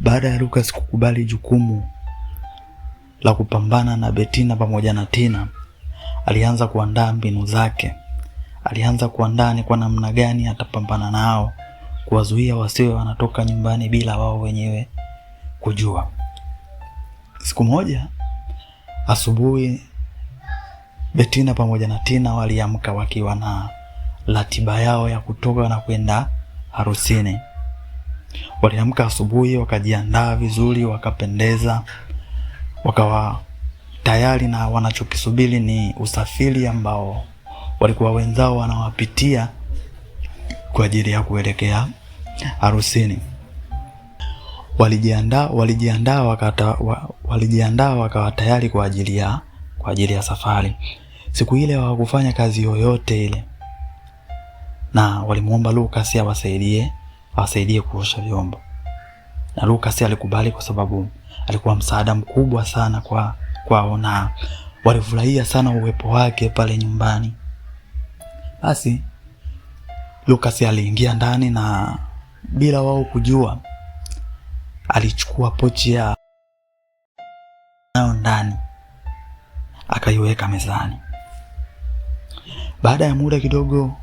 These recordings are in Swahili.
Baada ya Lucas kukubali jukumu la kupambana na Betina pamoja na Tina, alianza kuandaa mbinu zake. Alianza kuandaa ni kwa namna gani atapambana nao, kuwazuia wasiwe wanatoka nyumbani bila wao wenyewe kujua. Siku moja asubuhi, Betina pamoja na Tina waliamka wakiwa na ratiba yao ya kutoka na kwenda harusini. Waliamka asubuhi, wakajiandaa vizuri, wakapendeza, wakawa tayari na wanachokisubiri ni usafiri ambao walikuwa wenzao wanawapitia kwa ajili ya kuelekea harusini. Walijiandaa walijiandaa wakata walijiandaa wakawa tayari kwa ajili ya kwa ajili ya safari. Siku ile hawakufanya kazi yoyote ile, na walimwomba Lucas awasaidie awasaidie kuosha vyombo, na Lucas alikubali kwa sababu alikuwa msaada mkubwa sana kwa kwao na walifurahia sana uwepo wake pale nyumbani. Basi Lucas aliingia ndani na bila wao kujua alichukua pochi ya nayo ndani akaiweka mezani. Baada ya muda kidogo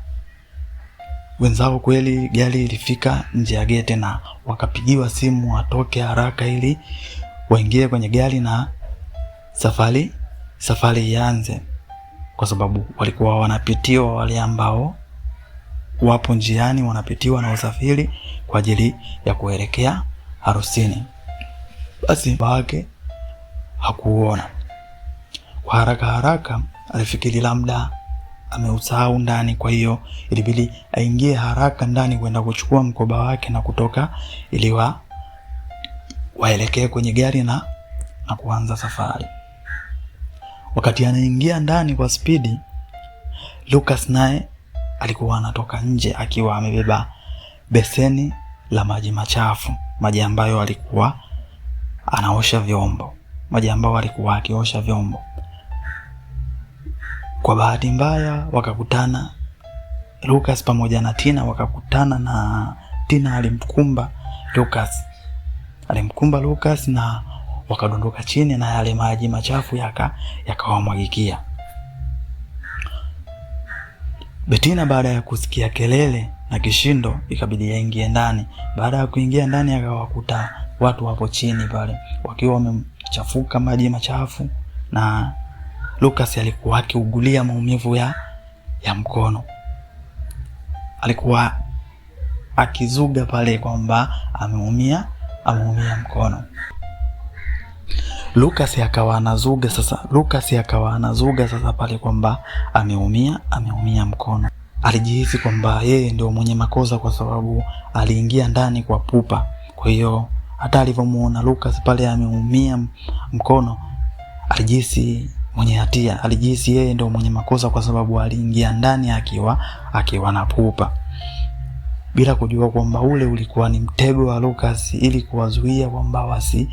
wenzao kweli gari ilifika nje ya gete na wakapigiwa simu watoke haraka ili waingie kwenye gari na safari safari ianze, kwa sababu walikuwa wanapitiwa wale ambao wapo njiani, wanapitiwa na usafiri kwa ajili ya kuelekea harusini. Basi wake hakuona kwa haraka haraka, alifikiri labda ameusahau ndani, kwa hiyo ilibidi aingie haraka ndani kwenda kuchukua mkoba wake na kutoka ili wa waelekee kwenye gari na, na kuanza safari. Wakati anaingia ndani kwa spidi, Lucas naye alikuwa anatoka nje akiwa amebeba beseni la maji machafu, maji ambayo alikuwa anaosha vyombo, maji ambayo alikuwa akiosha vyombo. Kwa bahati mbaya wakakutana Lucas pamoja na Tina, wakakutana na Tina alimkumba Lucas, alimkumba Lucas na wakadondoka chini na yale maji machafu yakawamwagikia Betina. Baada ya kusikia kelele na kishindo, ikabidi yaingie ndani. Baada ya kuingia ndani, akawakuta watu wapo chini pale wakiwa wamechafuka maji machafu na Lucas alikuwa akiugulia maumivu ya, ya mkono. Alikuwa akizuga pale kwamba ameumia, ameumia mkono. Lucas akawa anazuga sasa, Lucas akawa anazuga sasa pale kwamba ameumia, ameumia mkono. Alijihisi kwamba yeye ndio mwenye makosa kwa sababu aliingia ndani kwa pupa. Kwa hiyo hata alivyomuona Lucas pale ameumia mkono alijihisi mwenye hatia alijihisi yeye ndio mwenye makosa, kwa sababu aliingia ndani akiwa akiwa na pupa, bila kujua kwamba ule ulikuwa ni mtego wa Lucas ili kuwazuia kwamba wasi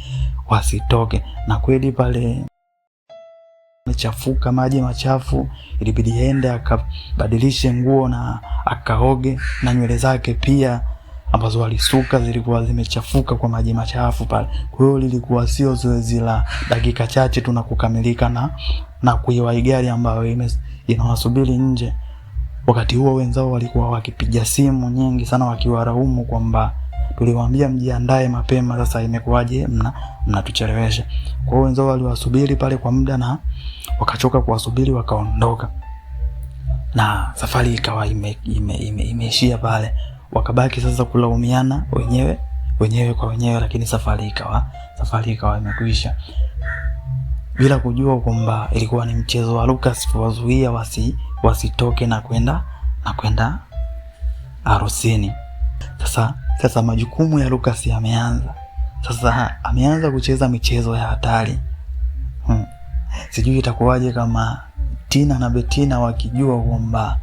wasitoke. Na kweli pale mechafuka maji machafu, ilibidi aende akabadilishe nguo na akaoge na nywele zake pia ambazo walisuka zilikuwa zimechafuka kwa maji machafu pale. Kwa hiyo lilikuwa sio zoezi la dakika chache tu na kukamilika na na kuiwahi gari ambayo inawasubiri nje. Wakati huo wenzao walikuwa wakipiga simu nyingi sana wakiwaraumu kwamba tuliwaambia mjiandae mapema, sasa imekuwaje mna mnatuchelewesha? Kwa hiyo wenzao waliwasubiri pale kwa muda na wakachoka kuwasubiri, wakaondoka na safari ikawa imeishia ime, ime, ime pale wakabaki sasa kulaumiana wenyewe wenyewe kwa wenyewe, lakini safari ikawa safari ikawa imekwisha bila kujua kwamba ilikuwa ni mchezo wa Lucas kuwazuia wasi wasitoke na kwenda na kwenda harusini. Sasa sasa majukumu ya Lucas yameanza sasa, ameanza kucheza michezo ya hatari hmm. Sijui itakuwaje kama Tina na Betina wakijua kwamba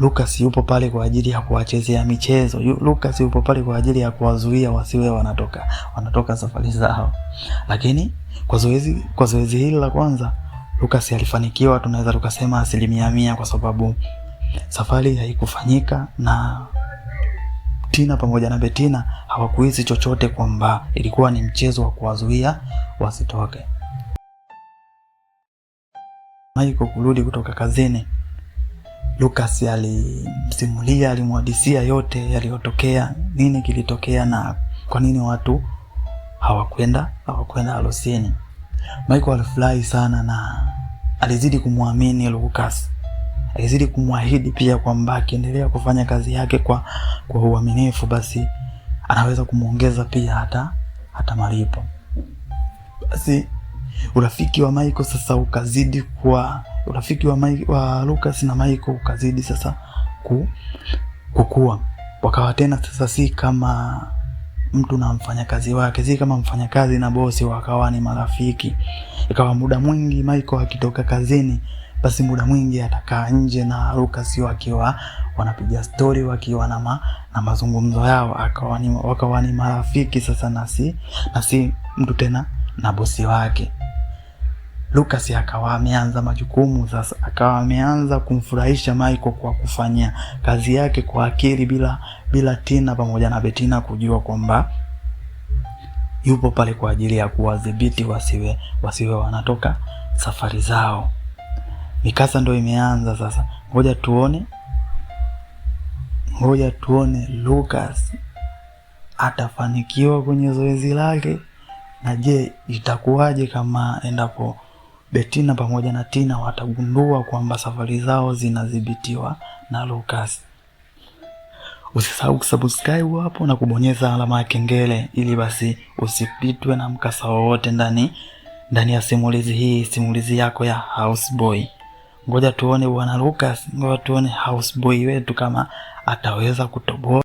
Lucas yupo pale kwa ajili ya kuwachezea michezo. Lucas yupo pale kwa ajili ya kuwazuia wasiwe wanatoka wanatoka safari zao. Lakini kwa zoezi kwa zoezi hili la kwanza Lucas alifanikiwa, tunaweza tukasema asilimia mia, kwa sababu safari haikufanyika na Tina pamoja na Betina hawakuhisi chochote kwamba ilikuwa ni mchezo wa kuwazuia wasitoke. Maiko kurudi kutoka kazini Lucas alimsimulia, alimwadisia yote yaliyotokea, nini kilitokea na kwa nini watu hawakwenda hawakwenda harusini. Michael alifurahi sana na alizidi kumwamini Lucas, alizidi kumwahidi pia kwamba akiendelea kufanya kazi yake kwa kwa uaminifu, basi anaweza kumwongeza pia hata hata malipo. Basi urafiki wa Michael sasa ukazidi kuwa urafiki wa, Mike, wa Lucas na Michael ukazidi sasa ku, kukua, wakawa tena sasa si kama mtu na mfanyakazi wake, si kama mfanyakazi na bosi, wakawa ni marafiki. Ikawa muda mwingi Michael akitoka kazini, basi muda mwingi atakaa nje na Lucas wakiwa wanapiga stori wakiwa na, ma, na mazungumzo yao, akawa ni, wakawa ni marafiki sasa, na si na si mtu tena na bosi wake. Lucas akawa ameanza majukumu sasa, akawa ameanza kumfurahisha Michael kwa kufanya kazi yake kwa akili, bila bila Tina pamoja na Betina kujua kwamba yupo pale kwa ajili ya kuwadhibiti wasiwe wasiwe wanatoka safari zao. Mikasa ndo imeanza sasa, ngoja tuone, ngoja tuone Lucas atafanikiwa kwenye zoezi lake, na je itakuwaje kama endapo Betina pamoja na Tina watagundua kwamba safari zao zinadhibitiwa na Lucas. Usisahau kusubscribe hapo na kubonyeza alama ya kengele ili basi usipitwe na mkasa wowote ndani ndani ya simulizi hii, simulizi yako ya Houseboy. Ngoja tuone bwana Lucas, ngoja tuone Houseboy wetu kama ataweza kutoboa.